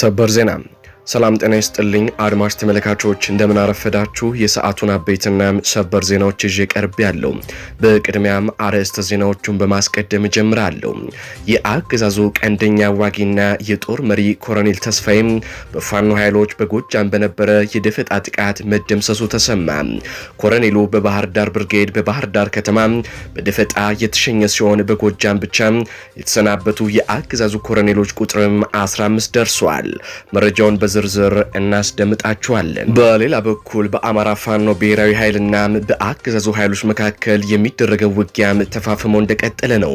ሰበር ዜና ሰላም ጤና ይስጥልኝ አድማጭ ተመልካቾች፣ እንደምን አረፈዳችሁ። የሰዓቱን አበይትና ሰበር ዜናዎች ይዤ ቀርብ ያለው። በቅድሚያም አርዕስተ ዜናዎቹን በማስቀደም እጀምራለሁ። የአገዛዙ ቀንደኛ አዋጊና የጦር መሪ ኮሎኔል ተስፋይም በፋኖ ኃይሎች በጎጃም በነበረ የደፈጣ ጥቃት መደምሰሱ ተሰማ። ኮሎኔሉ በባህር ዳር ብርጌድ በባህር ዳር ከተማ በደፈጣ የተሸኘ ሲሆን በጎጃም ብቻ የተሰናበቱ የአገዛዙ ኮሎኔሎች ቁጥርም 15 ደርሷል። መረጃውን በ በዝርዝር እናስደምጣችኋለን። በሌላ በኩል በአማራ ፋኖ ብሔራዊ ኃይልና በአገዛዙ ኃይሎች መካከል የሚደረገው ውጊያም ተፋፍሞ እንደቀጠለ ነው።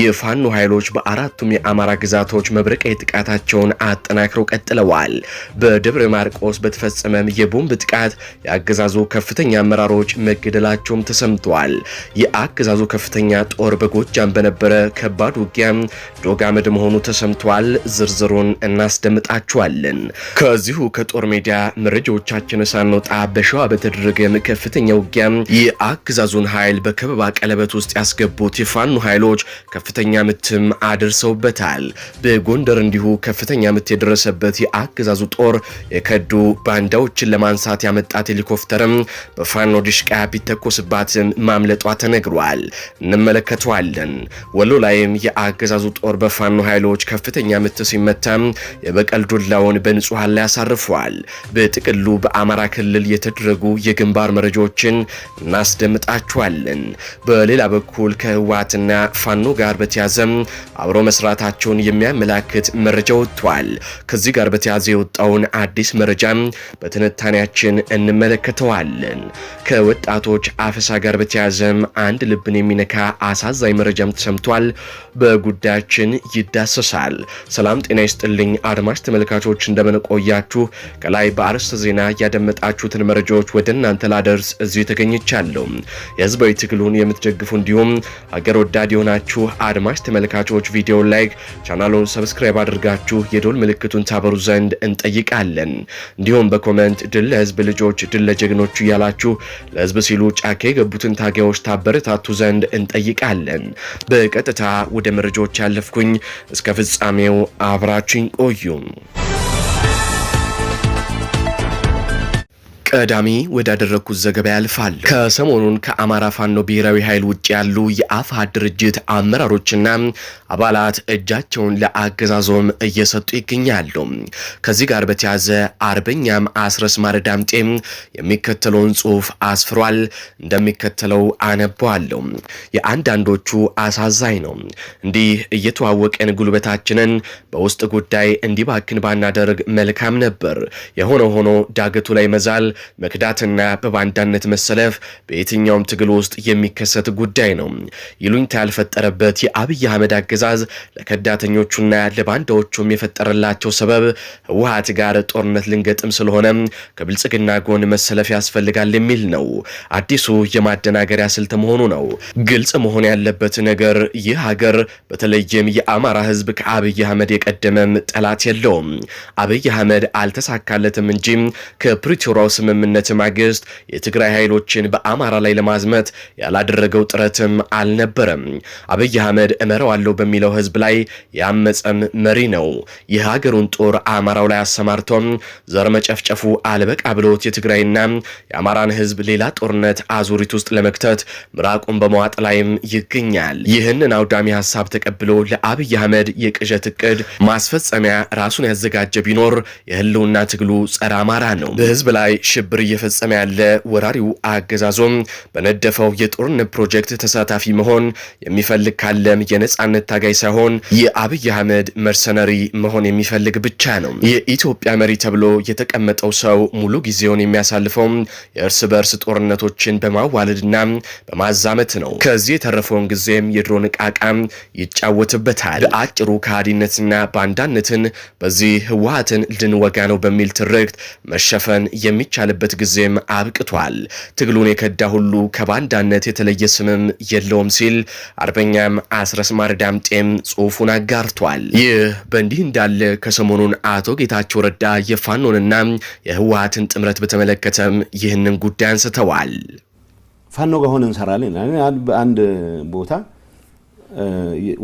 የፋኖ ኃይሎች በአራቱም የአማራ ግዛቶች መብረቃዊ ጥቃታቸውን አጠናክረው ቀጥለዋል። በደብረ ማርቆስ በተፈጸመም የቦምብ ጥቃት የአገዛዙ ከፍተኛ አመራሮች መገደላቸውም ተሰምተዋል። የአገዛዙ ከፍተኛ ጦር በጎጃም በነበረ ከባድ ውጊያም ዶጋመድ መሆኑ ተሰምተዋል። ዝርዝሩን እናስደምጣችኋለን። ከዚሁ ከጦር ሜዳ መረጃዎቻችን ሳንወጣ በሸዋ በተደረገም ከፍተኛ ውጊያ የአገዛዙን ኃይል በከበባ ቀለበት ውስጥ ያስገቡት የፋኖ ኃይሎች ከፍተኛ ምትም አድርሰውበታል። በጎንደር እንዲሁ ከፍተኛ ምት የደረሰበት የአገዛዙ ጦር የከዱ ባንዳዎችን ለማንሳት ያመጣት ሄሊኮፕተርም በፋኖ ድሽቃ ቢተኮስባትም ማምለጧ ተነግሯል። እንመለከተዋለን። ወሎ ላይም የአገዛዙ ጦር በፋኖ ኃይሎች ከፍተኛ ምት ሲመታ የበቀል ዱላውን በንጹህ ሽፋን ላይ አሳርፏል። በጥቅሉ በአማራ ክልል የተደረጉ የግንባር መረጃዎችን እናስደምጣችኋለን። በሌላ በኩል ከህወሓትና ፋኖ ጋር በተያዘም አብሮ መስራታቸውን የሚያመላክት መረጃ ወጥቷል። ከዚህ ጋር በተያዘ የወጣውን አዲስ መረጃ በትንታኔያችን እንመለከተዋለን። ከወጣቶች አፈሳ ጋር በተያዘም አንድ ልብን የሚነካ አሳዛኝ መረጃም ተሰምቷል። በጉዳያችን ይዳሰሳል። ሰላም ጤና ይስጥልኝ አድማጭ ተመልካቾች እንደመነቆ ቆያችሁ ከላይ በአርዕስተ ዜና ያደመጣችሁትን መረጃዎች ወደ እናንተ ላደርስ እዚሁ ተገኝቻለሁ። የህዝባዊ ትግሉን የምትደግፉ እንዲሁም አገር ወዳድ የሆናችሁ አድማጭ ተመልካቾች ቪዲዮን ላይክ፣ ቻናሉን ሰብስክራይብ አድርጋችሁ የዶል ምልክቱን ታበሩ ዘንድ እንጠይቃለን። እንዲሁም በኮመንት ድል ለህዝብ ልጆች፣ ድል ለጀግኖቹ እያላችሁ ለህዝብ ሲሉ ጫካ የገቡትን ታጋዮች ታበረታቱ ዘንድ እንጠይቃለን። በቀጥታ ወደ መረጃዎች ያለፍኩኝ፣ እስከ ፍጻሜው አብራችኝ ቆዩ። ቀዳሚ ወዳደረግኩት ዘገባ ያልፋል። ከሰሞኑን ከአማራ ፋኖ ብሔራዊ ኃይል ውጭ ያሉ የአፋ ድርጅት አመራሮችና አባላት እጃቸውን ለአገዛዞም እየሰጡ ይገኛሉ። ከዚህ ጋር በተያዘ አርበኛም አስረስ ማረ ዳምጤም የሚከተለውን ጽሁፍ አስፍሯል። እንደሚከተለው አነበዋለሁ። የአንዳንዶቹ አሳዛኝ ነው። እንዲህ እየተዋወቀን ጉልበታችንን በውስጥ ጉዳይ እንዲባክን ባናደርግ መልካም ነበር። የሆነ ሆኖ ዳገቱ ላይ መዛል መክዳትና በባንዳነት መሰለፍ በየትኛውም ትግል ውስጥ የሚከሰት ጉዳይ ነው። ይሉኝታ ያልፈጠረበት የአብይ አህመድ አገዛዝ ለከዳተኞቹና ለባንዳዎቹም የፈጠረላቸው ሰበብ ህወሀት ጋር ጦርነት ልንገጥም ስለሆነ ከብልጽግና ጎን መሰለፍ ያስፈልጋል የሚል ነው። አዲሱ የማደናገሪያ ስልት መሆኑ ነው። ግልጽ መሆን ያለበት ነገር ይህ ሀገር በተለይም የአማራ ህዝብ ከአብይ አህመድ የቀደመም ጠላት የለውም። አብይ አህመድ አልተሳካለትም እንጂ ከፕሪቶሪያው ስም ስምምነት ማግስት የትግራይ ኃይሎችን በአማራ ላይ ለማዝመት ያላደረገው ጥረትም አልነበረም። አብይ አህመድ እመረዋለሁ በሚለው ህዝብ ላይ ያመፀም መሪ ነው። የሀገሩን ጦር አማራው ላይ አሰማርቶም ዘር መጨፍጨፉ አልበቃ ብሎት የትግራይና የአማራን ህዝብ ሌላ ጦርነት አዙሪት ውስጥ ለመክተት ምራቁን በመዋጥ ላይም ይገኛል። ይህንን አውዳሚ ሀሳብ ተቀብሎ ለአብይ አህመድ የቅዠት እቅድ ማስፈጸሚያ ራሱን ያዘጋጀ ቢኖር የህልውና ትግሉ ጸረ አማራ ነው። በህዝብ ላይ ሽብር እየፈጸመ ያለ ወራሪው አገዛዞም በነደፈው የጦርነት ፕሮጀክት ተሳታፊ መሆን የሚፈልግ ካለም የነጻነት ታጋይ ሳይሆን የአብይ አህመድ መርሰነሪ መሆን የሚፈልግ ብቻ ነው። የኢትዮጵያ መሪ ተብሎ የተቀመጠው ሰው ሙሉ ጊዜውን የሚያሳልፈው የእርስ በእርስ ጦርነቶችን በማዋለድና በማዛመት ነው። ከዚህ የተረፈውን ጊዜም የድሮን ቃቃም ይጫወትበታል። በአጭሩ ከሃዲነትና ባንዳነትን በዚህ ህወሀትን ልንወጋ ነው በሚል ትርክት መሸፈን የሚቻል የተባለበት ጊዜም አብቅቷል። ትግሉን የከዳ ሁሉ ከባንዳነት የተለየ ስምም የለውም ሲል አርበኛም አስረስ ማርዳምጤም ጽሁፉን አጋርቷል። ይህ በእንዲህ እንዳለ ከሰሞኑን አቶ ጌታቸው ረዳ የፋኖንና የህወሀትን ጥምረት በተመለከተም ይህንን ጉዳይ አንስተዋል። ፋኖ ጋር ሆነ እንሰራለን። አንድ ቦታ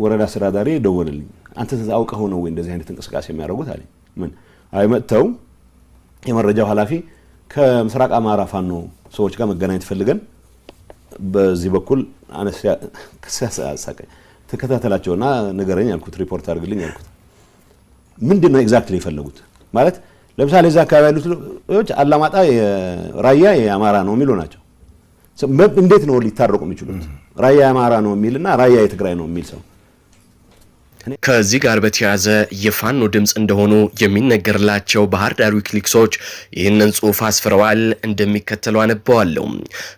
ወረዳ አስተዳዳሪ ደወለልኝ። አንተ አውቀ ሆነ ወይ እንደዚህ አይነት እንቅስቃሴ የሚያደርጉት አለኝ። ምን አይ መጥተው የመረጃው ኃላፊ ከምስራቅ አማራ ፋኖ ሰዎች ጋር መገናኘት ፈልገን በዚህ በኩል ተከታተላቸውና ንገረኝ ያልኩት ሪፖርት አድርግልኝ ያልኩት ምንድን ነው ኤግዛክትሊ የፈለጉት ማለት ለምሳሌ እዚ አካባቢ ያሉት አላማጣ ራያ የአማራ ነው የሚሉ ናቸው። እንዴት ነው ሊታረቁ የሚችሉት? ራያ የአማራ ነው ና ራያ የትግራይ ነው የሚል ሰው ከዚህ ጋር በተያያዘ የፋኖ ድምፅ እንደሆኑ የሚነገርላቸው ባህር ዳሩ ክሊክሶች ይህንን ጽሁፍ አስፍረዋል። እንደሚከተለው አነበዋለሁ።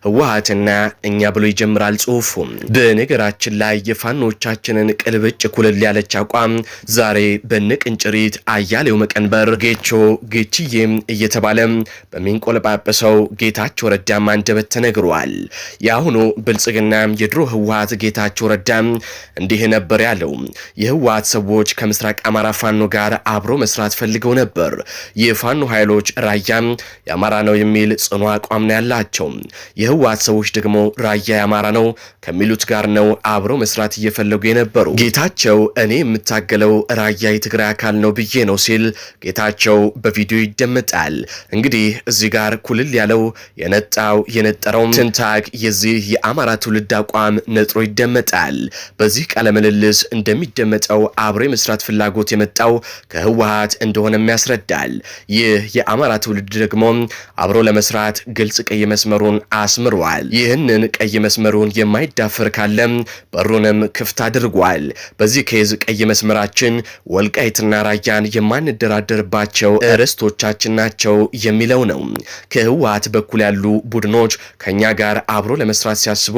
ህወሀትና እኛ ብሎ ይጀምራል ጽሁፉ። በነገራችን ላይ የፋኖቻችንን ቅልብጭ ኩልል ያለች አቋም ዛሬ በንቅንጭሪት አያሌው መቀንበር፣ ጌቾ ጌችዬም እየተባለ በሚንቆለጳጵሰው ጌታቸው ረዳም አንደበት ተነግሯል። የአሁኑ ብልጽግና የድሮ ህወሀት ጌታቸው ረዳም እንዲህ ነበር ያለው የህወሓት ሰዎች ከምስራቅ አማራ ፋኖ ጋር አብሮ መስራት ፈልገው ነበር። የፋኖ ኃይሎች ራያም የአማራ ነው የሚል ጽኑ አቋም ነው ያላቸው። የህወሓት ሰዎች ደግሞ ራያ የአማራ ነው ከሚሉት ጋር ነው አብሮ መስራት እየፈለጉ የነበሩ። ጌታቸው እኔ የምታገለው ራያ የትግራይ አካል ነው ብዬ ነው ሲል ጌታቸው በቪዲዮ ይደመጣል። እንግዲህ እዚህ ጋር ኩልል ያለው የነጣው የነጠረው ትንታግ የዚህ የአማራ ትውልድ አቋም ነጥሮ ይደመጣል። በዚህ ቃለ ምልልስ እንደሚደመጥ የገለጸው አብሮ የመስራት ፍላጎት የመጣው ከህወሀት እንደሆነም ያስረዳል። ይህ የአማራ ትውልድ ደግሞ አብሮ ለመስራት ግልጽ ቀይ መስመሩን አስምሯል። ይህንን ቀይ መስመሩን የማይዳፈር ካለም በሩንም ክፍት አድርጓል። በዚህ ኬዝ ቀይ መስመራችን ወልቃይትና ራያን የማንደራደርባቸው ርስቶቻችን ናቸው የሚለው ነው። ከህወሀት በኩል ያሉ ቡድኖች ከኛ ጋር አብሮ ለመስራት ሲያስቡ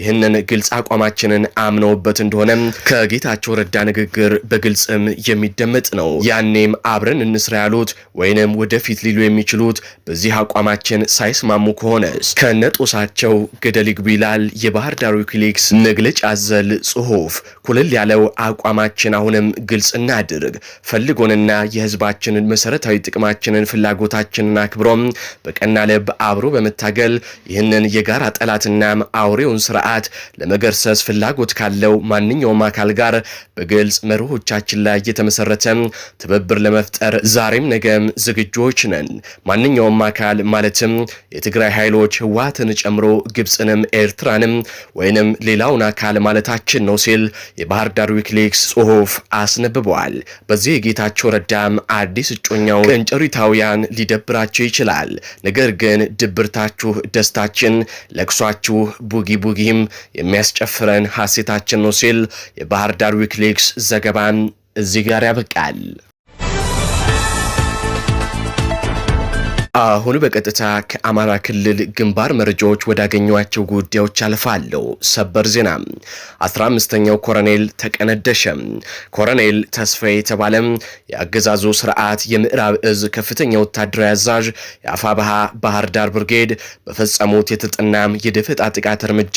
ይህንን ግልጽ አቋማችንን አምነውበት እንደሆነ ከጌታቸው ረዳ የኢትዮጵያ ንግግር በግልጽም የሚደመጥ ነው። ያኔም አብረን እንስራ ያሉት ወይንም ወደፊት ሊሉ የሚችሉት በዚህ አቋማችን ሳይስማሙ ከሆነስ ከነጦሳቸው ገደል ይግቡ ይላል የባህር ዳር ዊኪሊክስ መግለጫ አዘል ጽሁፍ። ኩልል ያለው አቋማችን አሁንም ግልጽ እናድርግ፣ ፈልጎንና የህዝባችንን መሰረታዊ ጥቅማችንን ፍላጎታችንን አክብሮም በቀና ልብ አብሮ በመታገል ይህንን የጋራ ጠላትና አውሬውን ስርዓት ለመገርሰስ ፍላጎት ካለው ማንኛውም አካል ጋር በ በግልጽ መርሆቻችን ላይ እየተመሰረተ ትብብር ለመፍጠር ዛሬም ነገም ዝግጆች ነን። ማንኛውም አካል ማለትም የትግራይ ኃይሎች ህወሓትን ጨምሮ ግብፅንም ኤርትራንም ወይንም ሌላውን አካል ማለታችን ነው ሲል የባህር ዳር ዊክሊክስ ጽሁፍ አስነብበዋል። በዚህ የጌታቸው ረዳም አዲስ እጮኛው ቅንጨሪታውያን ሊደብራቸው ይችላል። ነገር ግን ድብርታችሁ ደስታችን፣ ለቅሷችሁ ቡጊ ቡጊም የሚያስጨፍረን ሀሴታችን ነው ሲል የባህር ዳር ዊክሊክስ ፎሬክስ ዘገባን እዚህ ጋር ያበቃል። አሁን በቀጥታ ከአማራ ክልል ግንባር መረጃዎች ወዳገኟቸው ጉዳዮች አልፋለሁ። ሰበር ዜና 15ኛው ኮረኔል ተቀነደሸ። ኮረኔል ተስፋዬ የተባለ የአገዛዙ ስርዓት የምዕራብ እዝ ከፍተኛ ወታደራዊ አዛዥ ባሃ ባህር ዳር ብርጌድ በፈጸሙት የተጠናም የደፈጣ ጥቃት እርምጃ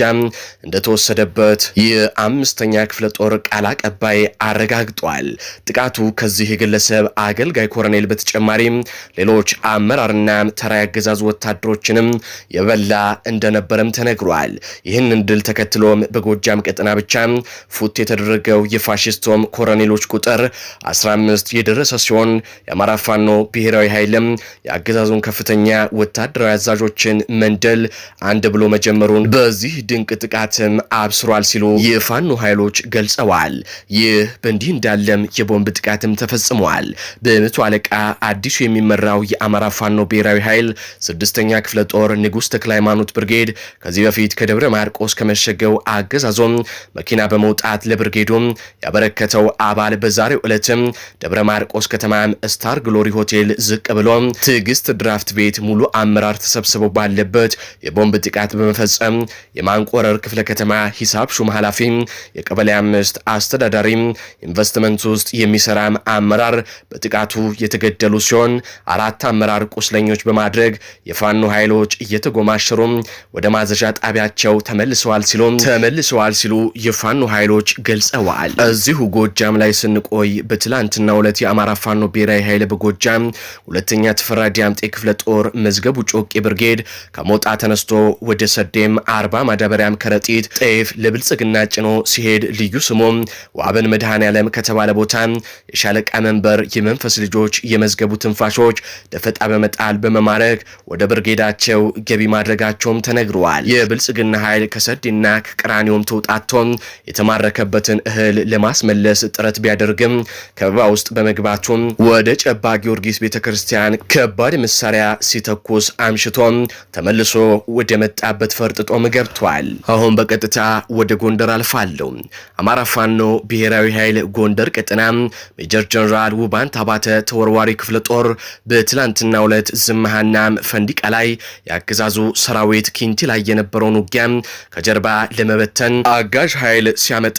እንደተወሰደበት የአምስተኛ ክፍለ ጦር ቃል አቀባይ አረጋግጧል። ጥቃቱ ከዚህ የግለሰብ አገልጋይ ኮረኔል በተጨማሪም ሌሎች አመራርና ና ተራ ያገዛዙ ወታደሮችንም የበላ እንደነበረም ተነግሯል። ይህንን ድል ተከትሎም በጎጃም ቀጠና ብቻ ፉት የተደረገው የፋሽስቶም ኮረኔሎች ቁጥር 15 የደረሰ ሲሆን የአማራ ፋኖ ብሔራዊ ኃይልም የአገዛዙን ከፍተኛ ወታደራዊ አዛዦችን መንደል አንድ ብሎ መጀመሩን በዚህ ድንቅ ጥቃትም አብስሯል ሲሉ የፋኖ ኃይሎች ገልጸዋል። ይህ በእንዲህ እንዳለም የቦምብ ጥቃትም ተፈጽሟል። በመቶ አለቃ አዲሱ የሚመራው የአማራ ፋኖ ብሔራዊ ኃይል ስድስተኛ ክፍለ ጦር ንጉሥ ተክለ ሃይማኖት ብርጌድ ከዚህ በፊት ከደብረ ማርቆስ ከመሸገው አገዛዞም መኪና በመውጣት ለብርጌዱም ያበረከተው አባል በዛሬው ዕለትም ደብረ ማርቆስ ከተማም ስታር ግሎሪ ሆቴል ዝቅ ብሎ ትዕግስት ድራፍት ቤት ሙሉ አመራር ተሰብስበው ባለበት የቦምብ ጥቃት በመፈጸም የማንቆረር ክፍለ ከተማ ሂሳብ ሹም ኃላፊ፣ የቀበሌ አምስት አስተዳዳሪ፣ ኢንቨስትመንት ውስጥ የሚሰራም አመራር በጥቃቱ የተገደሉ ሲሆን አራት አመራር ቁስለኛ ሰልፈኞች በማድረግ የፋኖ ኃይሎች እየተጎማሸሩ ወደ ማዘዣ ጣቢያቸው ተመልሰዋል ሲሉ ተመልሰዋል ሲሉ የፋኖ ኃይሎች ገልጸዋል። እዚሁ ጎጃም ላይ ስንቆይ በትላንትና ሁለት የአማራ ፋኖ ብሔራዊ ኃይል በጎጃም ሁለተኛ ተፈራ ዲያምጤ ክፍለ ጦር መዝገቡ ጮቄ ብርጌድ ከሞጣ ተነስቶ ወደ ሰዴም አርባ ማዳበሪያም ከረጢት ጤፍ ለብልጽግና ጭኖ ሲሄድ ልዩ ስሙ ዋብን መድኃኔ ዓለም ከተባለ ቦታ የሻለቃ መንበር የመንፈስ ልጆች የመዝገቡ ትንፋሾች ደፈጣ በመጣ ቃል በመማረክ ወደ ብርጌዳቸው ገቢ ማድረጋቸውም ተነግረዋል። የብልጽግና ኃይል ከሰዴና ከቅራኔውም ተውጣቶም የተማረከበትን እህል ለማስመለስ ጥረት ቢያደርግም ከበባ ውስጥ በመግባቱም ወደ ጨባ ጊዮርጊስ ቤተ ክርስቲያን ከባድ መሳሪያ ሲተኩስ አምሽቶም ተመልሶ ወደ መጣበት ፈርጥጦም ገብቷል። አሁን በቀጥታ ወደ ጎንደር አልፋለሁ። አማራ ፋኖ ብሔራዊ ኃይል ጎንደር ቀጠና ሜጀር ጀነራል ውባንት አባተ ተወርዋሪ ክፍለ ጦር በትላንትና ሁለት ዝመሃና ፈንዲቃ ላይ የአገዛዙ ሰራዊት ኪንቲ ላይ የነበረውን ውጊያ ከጀርባ ለመበተን አጋዥ ኃይል ሲያመጣ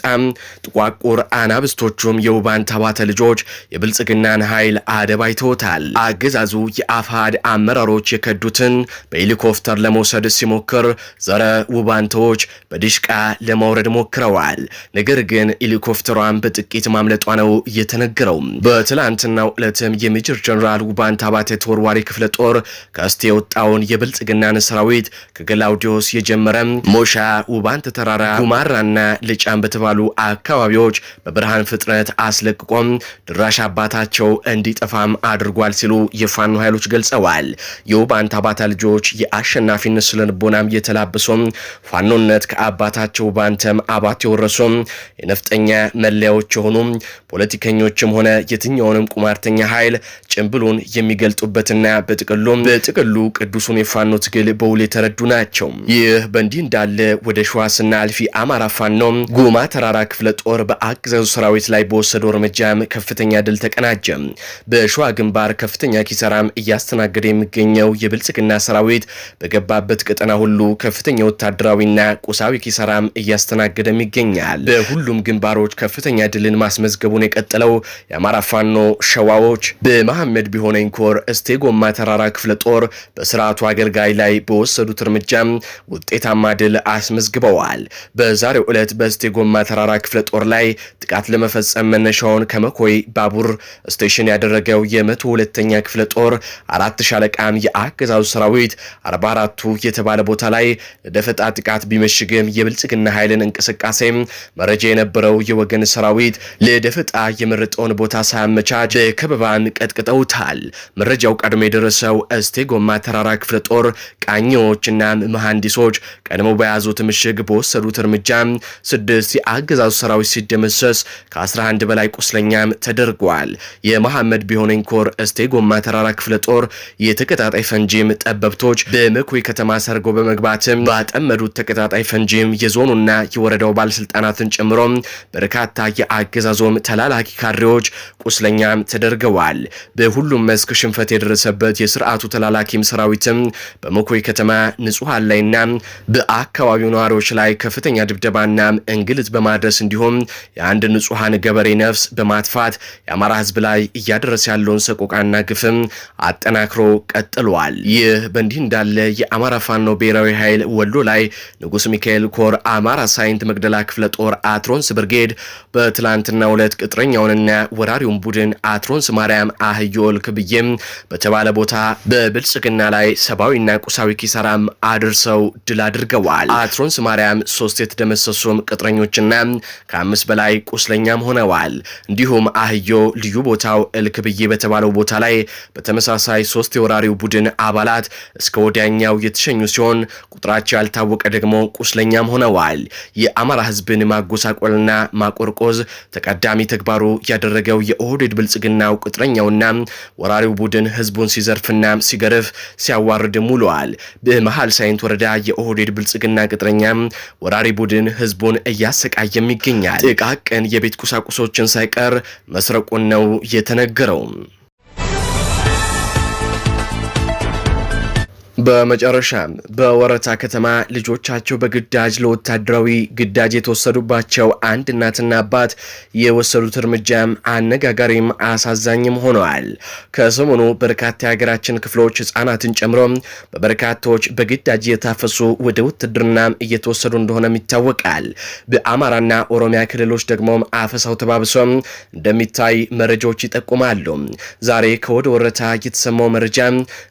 ጥቋቁር አናብስቶቹም የውባን ተባተ ልጆች የብልጽግናን ኃይል አደባይተውታል። አገዛዙ የአፋድ አመራሮች የከዱትን በሄሊኮፕተር ለመውሰድ ሲሞክር ዘረ ውባንታዎች በድሽቃ ለማውረድ ሞክረዋል። ነገር ግን ሄሊኮፕተሯን በጥቂት ማምለጧ ነው የተነገረው። በትላንትናው ዕለትም የሜጀር ጀኔራል ተባተ ተወርዋሪ ክፍለ ጦር ከእስቴ የወጣውን የብልጽግናን ሰራዊት ከገላውዲዮስ የጀመረ ሞሻ፣ ውባንት ተራራ፣ ጉማራና ልጫን በተባሉ አካባቢዎች በብርሃን ፍጥነት አስለቅቆም ድራሽ አባታቸው እንዲጠፋም አድርጓል ሲሉ የፋኖ ኃይሎች ገልጸዋል። የውባንት አባታ ልጆች የአሸናፊነት ስለንቦናም የተላበሱም ፋኖነት ከአባታቸው ባንተም አባት የወረሱም የነፍጠኛ መለያዎች የሆኑ ፖለቲከኞችም ሆነ የትኛውንም ቁማርተኛ ኃይል ጭንብሉን የሚገልጡበትና በጥቅሉም በጥቅሉ ቅዱሱን የፋኖ ትግል በውል የተረዱ ናቸው። ይህ በእንዲህ እንዳለ ወደ ሸዋ ስናልፊ አማራ ፋኖ ጉማ ተራራ ክፍለ ጦር በአገዛዙ ሰራዊት ላይ በወሰደው እርምጃም ከፍተኛ ድል ተቀናጀ። በሸዋ ግንባር ከፍተኛ ኪሰራም እያስተናገደ የሚገኘው የብልጽግና ሰራዊት በገባበት ቀጠና ሁሉ ከፍተኛ ወታደራዊና ቁሳዊ ኪሰራም እያስተናገደም ይገኛል። በሁሉም ግንባሮች ከፍተኛ ድልን ማስመዝገቡን የቀጠለው የአማራ ፋኖ ሸዋዎች በመሐመድ ቢሆነኝ ኮር እስቴ ጎማ ተራ የመራራ ክፍለ ጦር በስርዓቱ አገልጋይ ላይ በወሰዱት እርምጃ ውጤታማ ድል አስመዝግበዋል። በዛሬው ዕለት በስቴ ጎማ ተራራ ክፍለ ጦር ላይ ጥቃት ለመፈጸም መነሻውን ከመኮይ ባቡር ስቴሽን ያደረገው የመቶ ሁለተኛ ክፍለ ጦር አራት ሻለቃም የአገዛዙ ሰራዊት አርባ አራቱ የተባለ ቦታ ላይ ለደፈጣ ጥቃት ቢመሽግም የብልጽግና ኃይልን እንቅስቃሴም መረጃ የነበረው የወገን ሰራዊት ለደፈጣ የመረጠውን ቦታ ሳያመቻች በከበባን ቀጥቅጠውታል። መረጃው ቀድሞ የደረሰ የደረሰው እስቴ ጎማ ተራራ ክፍለ ጦር ቃኞችና መሐንዲሶች ቀድሞ በያዙት ምሽግ በወሰዱት እርምጃ ስድስት የአገዛዙ ሰራዊት ሲደመሰስ ከ11 በላይ ቁስለኛም ተደርጓል። የመሐመድ ቢሆነኝ ኮር እስቴ ጎማ ተራራ ክፍለ ጦር የተቀጣጣይ ፈንጂም ጠበብቶች በመኩይ ከተማ ሰርጎ በመግባትም ባጠመዱት ተቀጣጣይ ፈንጂም የዞኑና የወረዳው ባለስልጣናትን ጨምሮ በርካታ የአገዛዞም ተላላኪ ካድሬዎች ቁስለኛም ተደርገዋል። በሁሉም መስክ ሽንፈት የደረሰበት የ የስርዓቱ ተላላኪም ሰራዊትም በመኮይ ከተማ ንጹሐን ላይና በአካባቢው ነዋሪዎች ላይ ከፍተኛ ድብደባና እንግልት በማድረስ እንዲሁም የአንድ ንጹሐን ገበሬ ነፍስ በማጥፋት የአማራ ህዝብ ላይ እያደረሰ ያለውን ሰቆቃና ግፍም አጠናክሮ ቀጥሏል። ይህ በእንዲህ እንዳለ የአማራ ፋኖ ብሔራዊ ኃይል ወሎ ላይ ንጉስ ሚካኤል ኮር አማራ ሳይንት መግደላ ክፍለ ጦር አትሮንስ ብርጌድ በትላንትና ሁለት ቅጥረኛውንና ወራሪውን ቡድን አትሮንስ ማርያም አህዮል ክብዬም በተባለ ቦታ በብልጽግና ላይ ሰብአዊና ቁሳዊ ኪሳራም አድርሰው ድል አድርገዋል። አትሮንስ ማርያም ሶስት የተደመሰሱም ቅጥረኞችና ከአምስት በላይ ቁስለኛም ሆነዋል። እንዲሁም አህዮ ልዩ ቦታው እልክ ብዬ በተባለው ቦታ ላይ በተመሳሳይ ሶስት የወራሪው ቡድን አባላት እስከ ወዲያኛው የተሸኙ ሲሆን ቁጥራቸው ያልታወቀ ደግሞ ቁስለኛም ሆነዋል። የአማራ ህዝብን ማጎሳቆልና ማቆርቆዝ ተቀዳሚ ተግባሩ ያደረገው የኦህዴድ ብልጽግናው ቅጥረኛውና ወራሪው ቡድን ህዝቡን ሲዘርፍ ሲዘርፍና ሲገርፍ ሲያዋርድም ውለዋል። በመሃል ሳይንት ወረዳ የኦህዴድ ብልጽግና ቅጥረኛ ወራሪ ቡድን ህዝቡን እያሰቃየም ይገኛል። ጥቃቅን የቤት ቁሳቁሶችን ሳይቀር መስረቁን ነው የተነገረው። በመጨረሻም በወረታ ከተማ ልጆቻቸው በግዳጅ ለወታደራዊ ግዳጅ የተወሰዱባቸው አንድ እናትና አባት የወሰዱት እርምጃም አነጋጋሪም አሳዛኝም ሆነዋል። ከሰሞኑ በርካታ የሀገራችን ክፍሎች ህጻናትን ጨምሮ በበርካቶች በግዳጅ እየታፈሱ ወደ ውትድርና እየተወሰዱ እንደሆነም ይታወቃል። በአማራና ኦሮሚያ ክልሎች ደግሞ አፈሳው ተባብሶ እንደሚታይ መረጃዎች ይጠቁማሉ። ዛሬ ከወደ ወረታ የተሰማው መረጃ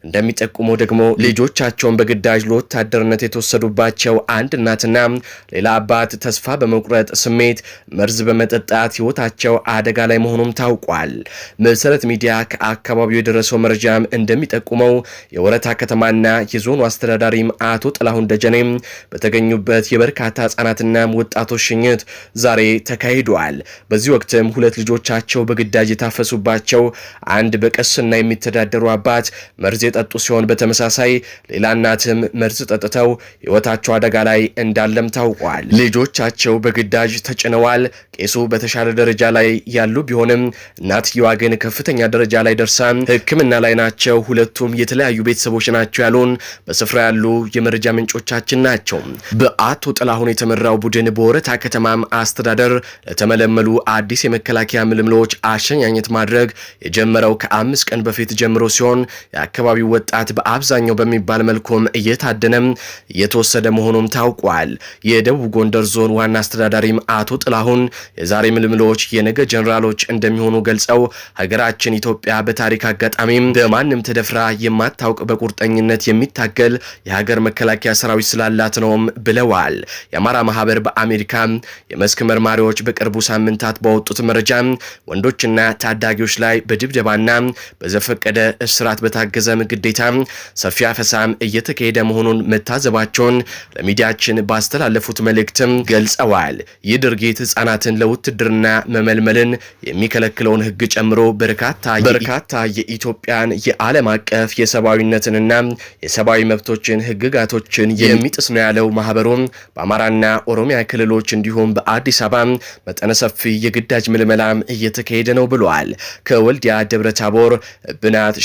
እንደሚጠቁመው ደግሞ ልጆ ልጆቻቸውን በግዳጅ ለወታደርነት የተወሰዱባቸው አንድ እናትና ሌላ አባት ተስፋ በመቁረጥ ስሜት መርዝ በመጠጣት ህይወታቸው አደጋ ላይ መሆኑም ታውቋል። መሰረት ሚዲያ ከአካባቢው የደረሰው መረጃም እንደሚጠቁመው የወረታ ከተማና የዞኑ አስተዳዳሪም አቶ ጥላሁን ደጀኔም በተገኙበት የበርካታ ህጻናትና ወጣቶች ሽኝት ዛሬ ተካሂዷል። በዚህ ወቅትም ሁለት ልጆቻቸው በግዳጅ የታፈሱባቸው አንድ በቀስና የሚተዳደሩ አባት መርዝ የጠጡ ሲሆን በተመሳሳይ ሌላ እናትም መርዝ ጠጥተው ህይወታቸው አደጋ ላይ እንዳለም ታውቋል። ልጆቻቸው በግዳጅ ተጭነዋል። ቄሱ በተሻለ ደረጃ ላይ ያሉ ቢሆንም እናትየዋ ግን ከፍተኛ ደረጃ ላይ ደርሳ ሕክምና ላይ ናቸው። ሁለቱም የተለያዩ ቤተሰቦች ናቸው ያሉን በስፍራ ያሉ የመረጃ ምንጮቻችን ናቸው። በአቶ ጥላሁን የተመራው ቡድን በወረታ ከተማም አስተዳደር ለተመለመሉ አዲስ የመከላከያ ምልምሎች አሸኛኘት ማድረግ የጀመረው ከአምስት ቀን በፊት ጀምሮ ሲሆን የአካባቢው ወጣት በአብዛኛው በሚ በሚባል መልኩም እየታደነም እየተወሰደ መሆኑም ታውቋል። የደቡብ ጎንደር ዞን ዋና አስተዳዳሪም አቶ ጥላሁን የዛሬ ምልምሎች የነገ ጀኔራሎች እንደሚሆኑ ገልጸው ሀገራችን ኢትዮጵያ በታሪክ አጋጣሚም በማንም ተደፍራ የማታውቅ በቁርጠኝነት የሚታገል የሀገር መከላከያ ሰራዊት ስላላት ነውም ብለዋል። የአማራ ማህበር በአሜሪካ የመስክ መርማሪዎች በቅርቡ ሳምንታት በወጡት መረጃ ወንዶችና ታዳጊዎች ላይ በድብደባና በዘፈቀደ እስራት በታገዘም ግዴታ ሰፊ አፈሳ ቅስቀሳም እየተካሄደ መሆኑን መታዘባቸውን ለሚዲያችን ባስተላለፉት መልእክትም ገልጸዋል። ይህ ድርጊት ህጻናትን ለውትድርና መመልመልን የሚከለክለውን ህግ ጨምሮ በርካታ የኢትዮጵያን የዓለም አቀፍ የሰብአዊነትንና የሰብአዊ መብቶችን ህግጋቶችን የሚጥስ ነው ያለው ማህበሩም በአማራና ኦሮሚያ ክልሎች እንዲሁም በአዲስ አበባ መጠነ ሰፊ የግዳጅ ምልመላም እየተካሄደ ነው ብሏል። ከወልዲያ ደብረ ታቦር፣ ብናት፣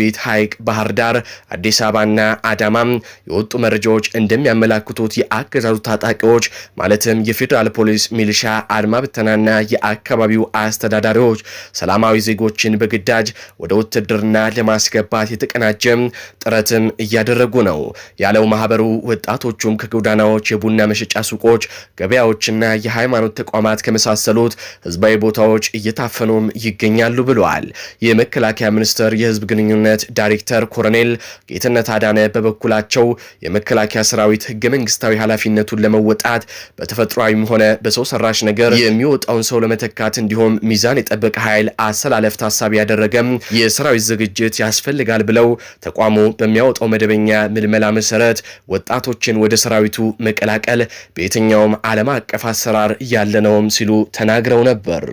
ቤት ሐይቅ፣ ባህር ዳር፣ አዲስ አበባ ። አስመራና አዳማም የወጡ መረጃዎች እንደሚያመላክቱት የአገዛዙ ታጣቂዎች ማለትም የፌዴራል ፖሊስ፣ ሚሊሻ፣ አድማ ብተናና የአካባቢው አስተዳዳሪዎች ሰላማዊ ዜጎችን በግዳጅ ወደ ውትድርና ለማስገባት የተቀናጀም ጥረትም እያደረጉ ነው ያለው ማህበሩ ወጣቶቹም ከጎዳናዎች የቡና መሸጫ ሱቆች፣ ገበያዎችና የሃይማኖት ተቋማት ከመሳሰሉት ህዝባዊ ቦታዎች እየታፈኑም ይገኛሉ ብለዋል። የመከላከያ ሚኒስቴር የህዝብ ግንኙነት ዳይሬክተር ኮሎኔል ጌትነት አዳነ በበኩላቸው የመከላከያ ሰራዊት ህገ መንግስታዊ ኃላፊነቱን ለመወጣት በተፈጥሯዊም ሆነ በሰው ሰራሽ ነገር የሚወጣውን ሰው ለመተካት እንዲሁም ሚዛን የጠበቀ ኃይል አሰላለፍ ታሳቢ ያደረገም የሰራዊት ዝግጅት ያስፈልጋል ብለው ተቋሙ በሚያወጣው መደበኛ ምልመላ መሰረት ወጣቶችን ወደ ሰራዊቱ መቀላቀል በየትኛውም ዓለም አቀፍ አሰራር ያለ ነውም ሲሉ ተናግረው ነበር።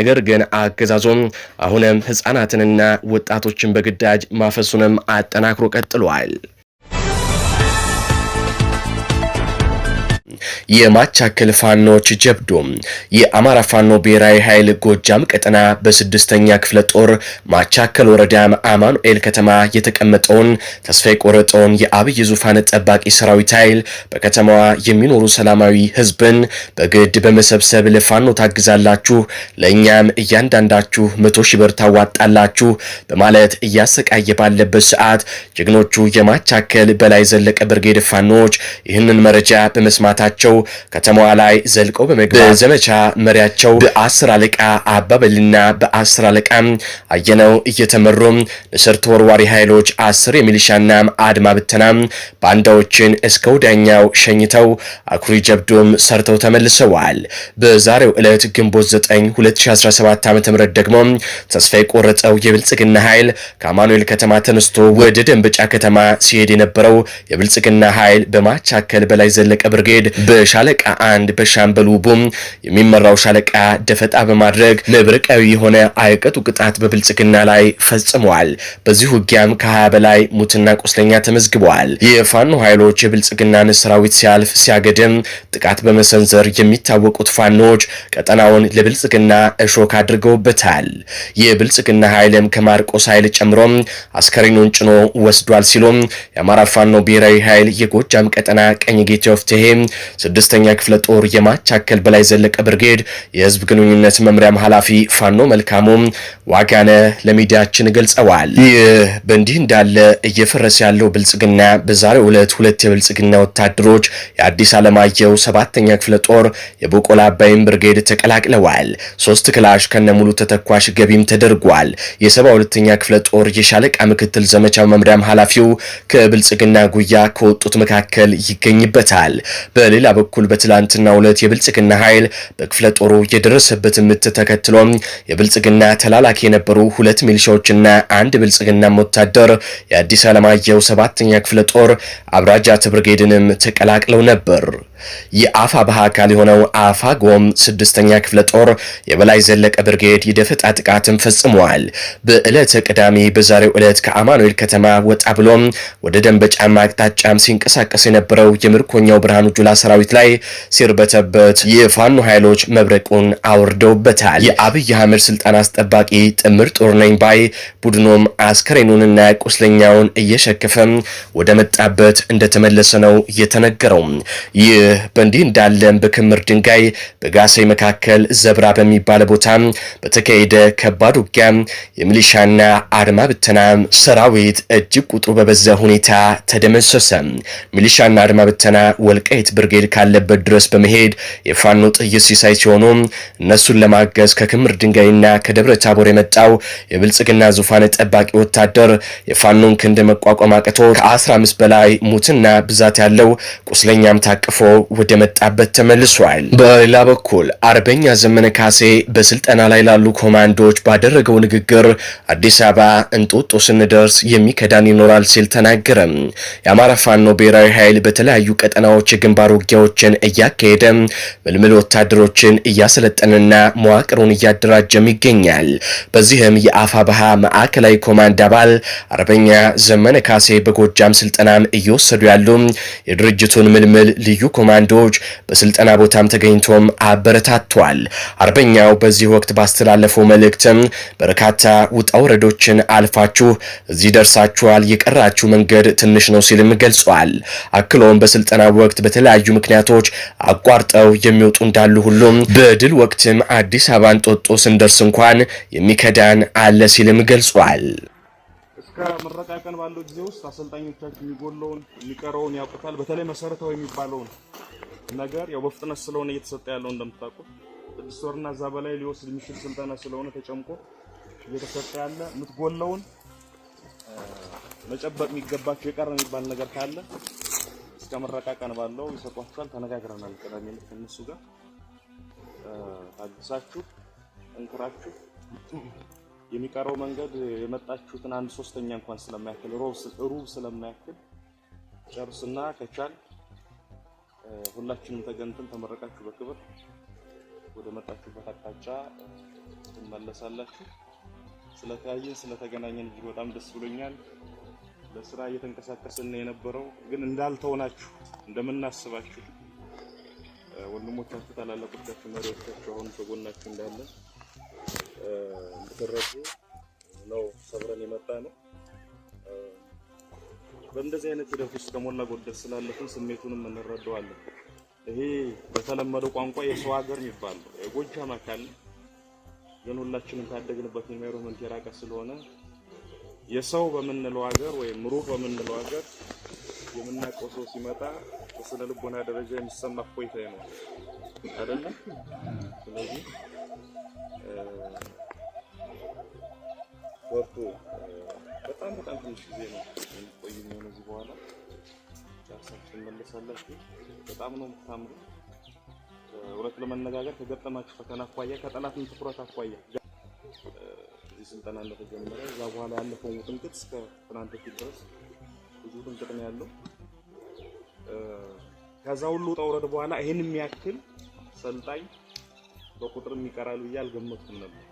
ነገር ግን አገዛዞም አሁንም ህጻናትንና ወጣቶችን በግዳጅ ማፈሱንም አጠናክሮ ቀጥሏል። el, የማቻከል ፋኖች ጀብዱ የአማራ ፋኖ ብሔራዊ ኃይል ጎጃም ቀጠና በስድስተኛ ክፍለ ጦር ማቻከል ወረዳ አማኑኤል ከተማ የተቀመጠውን ተስፋ የቆረጠውን የአብይ ዙፋን ጠባቂ ሰራዊት ኃይል በከተማዋ የሚኖሩ ሰላማዊ ህዝብን በግድ በመሰብሰብ ለፋኖ ታግዛላችሁ፣ ለእኛም እያንዳንዳችሁ መቶ ሺህ ብር ታዋጣላችሁ በማለት እያሰቃየ ባለበት ሰዓት ጀግኖቹ የማቻከል በላይ ዘለቀ ብርጌድ ፋኖች ይህንን መረጃ በመስማት በመግባታቸው ከተማዋ ላይ ዘልቀው በመግባት በዘመቻ መሪያቸው በአስር አለቃ አባበልና በአስር አለቃ አየነው እየተመሩ ንስር ተወርዋሪ ኃይሎች አስር የሚሊሻና አድማ ብተና ባንዳዎችን እስከ ወዳኛው ሸኝተው አኩሪ ጀብዶም ሰርተው ተመልሰዋል። በዛሬው ዕለት ግንቦት 9 2017 ዓ.ም ደግሞ ተስፋ የቆረጠው የብልጽግና ኃይል ከአማኑኤል ከተማ ተነስቶ ወደ ደንበጫ ከተማ ሲሄድ የነበረው የብልጽግና ኃይል በማቻከል በላይ ዘለቀ ብርጌድ በሻለቃ አንድ በሻምበል ውቡም የሚመራው ሻለቃ ደፈጣ በማድረግ መብረቃዊ የሆነ አይቀጡ ቅጣት በብልጽግና ላይ ፈጽመዋል። በዚህ ውጊያም ከ20 በላይ ሙትና ቁስለኛ ተመዝግበዋል። የፋኖ ኃይሎች የብልጽግናን ሰራዊት ሲያልፍ ሲያገድም ጥቃት በመሰንዘር የሚታወቁት ፋኖች ቀጠናውን ለብልጽግና እሾክ አድርገውበታል። የብልጽግና ኃይልም ከማርቆስ ኃይል ጨምሮም አስከሬኑን ጭኖ ወስዷል ሲሉም የአማራ ፋኖ ብሔራዊ ኃይል የጎጃም ቀጠና ቀኝ ጌቴ ወፍትሄ ስድስተኛ ክፍለ ጦር የማቻከል በላይ ዘለቀ ብርጌድ የህዝብ ግንኙነት መምሪያም ኃላፊ ፋኖ መልካሙም ዋጋነ ለሚዲያችን ገልጸዋል። ይህ በእንዲህ እንዳለ እየፈረሰ ያለው ብልጽግና በዛሬው ዕለት ሁለት የብልጽግና ወታደሮች የአዲስ ዓለማየሁ ሰባተኛ ክፍለ ጦር የቦቆላ አባይም ብርጌድ ተቀላቅለዋል። ሶስት ክላሽ ከነሙሉ ተተኳሽ ገቢም ተደርጓል። የሰባ ሁለተኛ ክፍለ ጦር የሻለቃ ምክትል ዘመቻ መምሪያም ኃላፊው ከብልጽግና ጉያ ከወጡት መካከል ይገኝበታል። በሌላ በኩል በትላንትና ሁለት የብልጽግና ኃይል በክፍለ ጦሩ የደረሰበት ምት ተከትሎ የብልጽግና ተላላኪ የነበሩ ሁለት ሚሊሻዎችና አንድ ብልጽግና ወታደር የአዲስ አለማየሁ ሰባተኛ ክፍለ ጦር አብራጃ ብርጌድንም ተቀላቅለው ነበር። የአፋ ባህ አካል የሆነው አፋ ጎም ስድስተኛ ክፍለ ጦር የበላይ ዘለቀ ብርጌድ የደፈጣ ጥቃትን ፈጽመዋል። በዕለተ ቅዳሜ በዛሬው ዕለት ከአማኑኤል ከተማ ወጣ ብሎም ወደ ደንበጫማ አቅጣጫም ሲንቀሳቀስ የነበረው የምርኮኛው ብርሃኑ ጁላ ሰራዊት ላይ ሲርበተበት የፋኖ ኃይሎች መብረቁን አውርደውበታል። የአብይ አህመድ ስልጣን አስጠባቂ ጥምር ጦር ነኝ ባይ ቡድኑም አስከሬኑንና ቁስለኛውን እየሸከፈ ወደ መጣበት እንደተመለሰ ነው የተነገረው። ይህ በእንዲህ እንዳለም በክምር ድንጋይ በጋሴ መካከል ዘብራ በሚባለ ቦታ በተካሄደ ከባድ ውጊያ የሚሊሻና አድማ ብተና ሰራዊት እጅግ ቁጥሩ በበዛ ሁኔታ ተደመሰሰ። ሚሊሻና አድማ ብተና ወልቃይት ብርጌድ ካለበት ድረስ በመሄድ የፋኖ ጥይት ሲሳይ ሲሆኑ እነሱን ለማገዝ ከክምር ድንጋይና ከደብረ ታቦር የመጣው የብልጽግና ዙፋን ጠባቂ ወታደር የፋኖን ክንድ መቋቋም አቅቶ ከ15 በላይ ሙትና ብዛት ያለው ቁስለኛም ታቅፎ ወደ መጣበት ተመልሷል። በሌላ በኩል አርበኛ ዘመነ ካሴ በስልጠና ላይ ላሉ ኮማንዶዎች ባደረገው ንግግር አዲስ አበባ እንጦጦ ስንደርስ የሚከዳን ይኖራል ሲል ተናገረም። የአማራ ፋኖ ብሔራዊ ኃይል በተለያዩ ቀጠናዎች የግንባሩ ግንባር ውጊያዎችን እያካሄደ ምልምል ወታደሮችን እያሰለጠነና መዋቅሩን እያደራጀም ይገኛል። በዚህም የአፋ ባሃ ማዕከላዊ ኮማንድ አባል አርበኛ ዘመነ ካሴ በጎጃም ስልጠናም እየወሰዱ ያሉ የድርጅቱን ምልምል ልዩ ኮማንዶዎች በስልጠና ቦታም ተገኝቶም አበረታቷል። አርበኛው በዚህ ወቅት ባስተላለፈው መልእክትም በርካታ ውጣ ውረዶችን አልፋችሁ እዚህ ደርሳችኋል፣ የቀራችሁ መንገድ ትንሽ ነው ሲልም ገልጿል። አክሎም በስልጠና ወቅት በተለያዩ በተለያዩ ምክንያቶች አቋርጠው የሚወጡ እንዳሉ ሁሉም በድል ወቅትም አዲስ አበባን ጦጦ ስንደርስ እንኳን የሚከዳን አለ ሲልም ገልጿል። እስከ ምረቃ ቀን ባለው ጊዜ ውስጥ አሰልጣኞቻችን የሚጎለውን የሚቀረውን ያውቁታል። በተለይ መሰረታዊ የሚባለውን ነገር ያው በፍጥነት ስለሆነ እየተሰጠ ያለው እንደምታውቁት ስድስት ወርና እዛ በላይ ሊወስድ የሚችል ስልጠና ስለሆነ ተጨምቆ እየተሰጠ ያለ የምትጎለውን መጨበጥ የሚገባቸው የቀረ የሚባል ነገር ካለ እስከ ምረቃ ቀን ባለው ይሰጧችኋል። ተነጋግረናል። ቅዳሜ ዕለት እነሱ ጋር ታግሳችሁ እንኩራችሁ የሚቀረው መንገድ የመጣችሁትን አንድ ሶስተኛ እንኳን ስለማያክል ሩብ ስለማያክል ጨርስና ከቻል ሁላችንም ተገንትን ተመረቃችሁ በክብር ወደ መጣችሁበት አቅጣጫ ትመለሳላችሁ። ስለተያየን ስለተገናኘን እጅግ በጣም ደስ ብሎኛል። ለስራ እየተንቀሳቀስን የነበረው ግን እንዳልተውናችሁ እንደምናስባችሁ ወንድሞቻችሁ፣ ታላላቆቻችሁ፣ መሪዎቻችሁ አሁን ከጎናችሁ እንዳለ እንድትረዱ ነው ሰብረን የመጣ ነው። በእንደዚህ አይነት ሂደት ውስጥ ከሞላ ጎደል ስላለፍን ስሜቱንም እንረዳዋለን። ይሄ በተለመደው ቋንቋ የሰው ሀገር የሚባል ነው። የጎጃም አካል ግን ሁላችንም ካደግንበት ኢንቫይሮንመንት የራቀ ስለሆነ የሰው በምንለው ሀገር ወይም ሩህ በምንለው ሀገር የምናውቀው ሰው ሲመጣ በስነ ልቦና ደረጃ የሚሰማ ቆይታ ነው አይደለ? ስለዚህ ወርዶ በጣም በጣም ትንሽ ጊዜ ነው የሚቆይ የሚሆን እዚህ በኋላ ራሳችን መለሳላችሁ። በጣም ነው የምታምሩ። እውነት ለመነጋገር ከገጠማችሁ ፈተና አኳያ ከጠላትም ትኩረት አኳያ ስልጠና እንደተጀመረ እዛ በኋላ ያለፈው ጥንቅት እስከ ትናንት በፊት ድረስ ብዙ ጥንቅት ነው ያለው። ከዛ ሁሉ ጠውረድ በኋላ ይህን የሚያክል ሰልጣኝ በቁጥር ይቀራል ብዬ አልገመትኩም ነበር።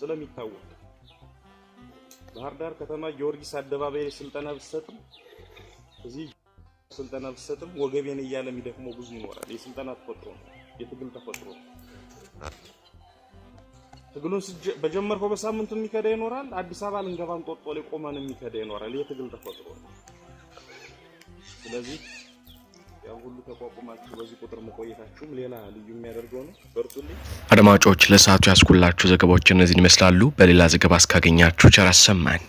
ስለሚታወቅ ባህር ዳር ከተማ ጊዮርጊስ አደባባይ ስልጠና ብሰጥም እዚህ ስልጠና ብሰጥም ወገቤን እያለ የሚደክመው ብዙ ይኖራል። የስልጠና ተፈጥሮ ነው፣ የትግል ተፈጥሮ ነው። ትግሉን በጀመርከው በሳምንቱ የሚከደ ይኖራል። አዲስ አበባ ልንገባን ጦጦ ላይ ቆመን የሚከደ ይኖራል። ይህ ትግል ተፈጥሮ ስለዚህ ያው ሁሉ ተቋቁማችሁ በዚህ ቁጥር መቆየታችሁም ሌላ ልዩ የሚያደርገው ነው። በርቱልኝ አድማጮች፣ ለሰዓቱ ያስኩላችሁ ዘገባዎች እነዚህን ይመስላሉ። በሌላ ዘገባ እስካገኛችሁ ቸር አሰማን።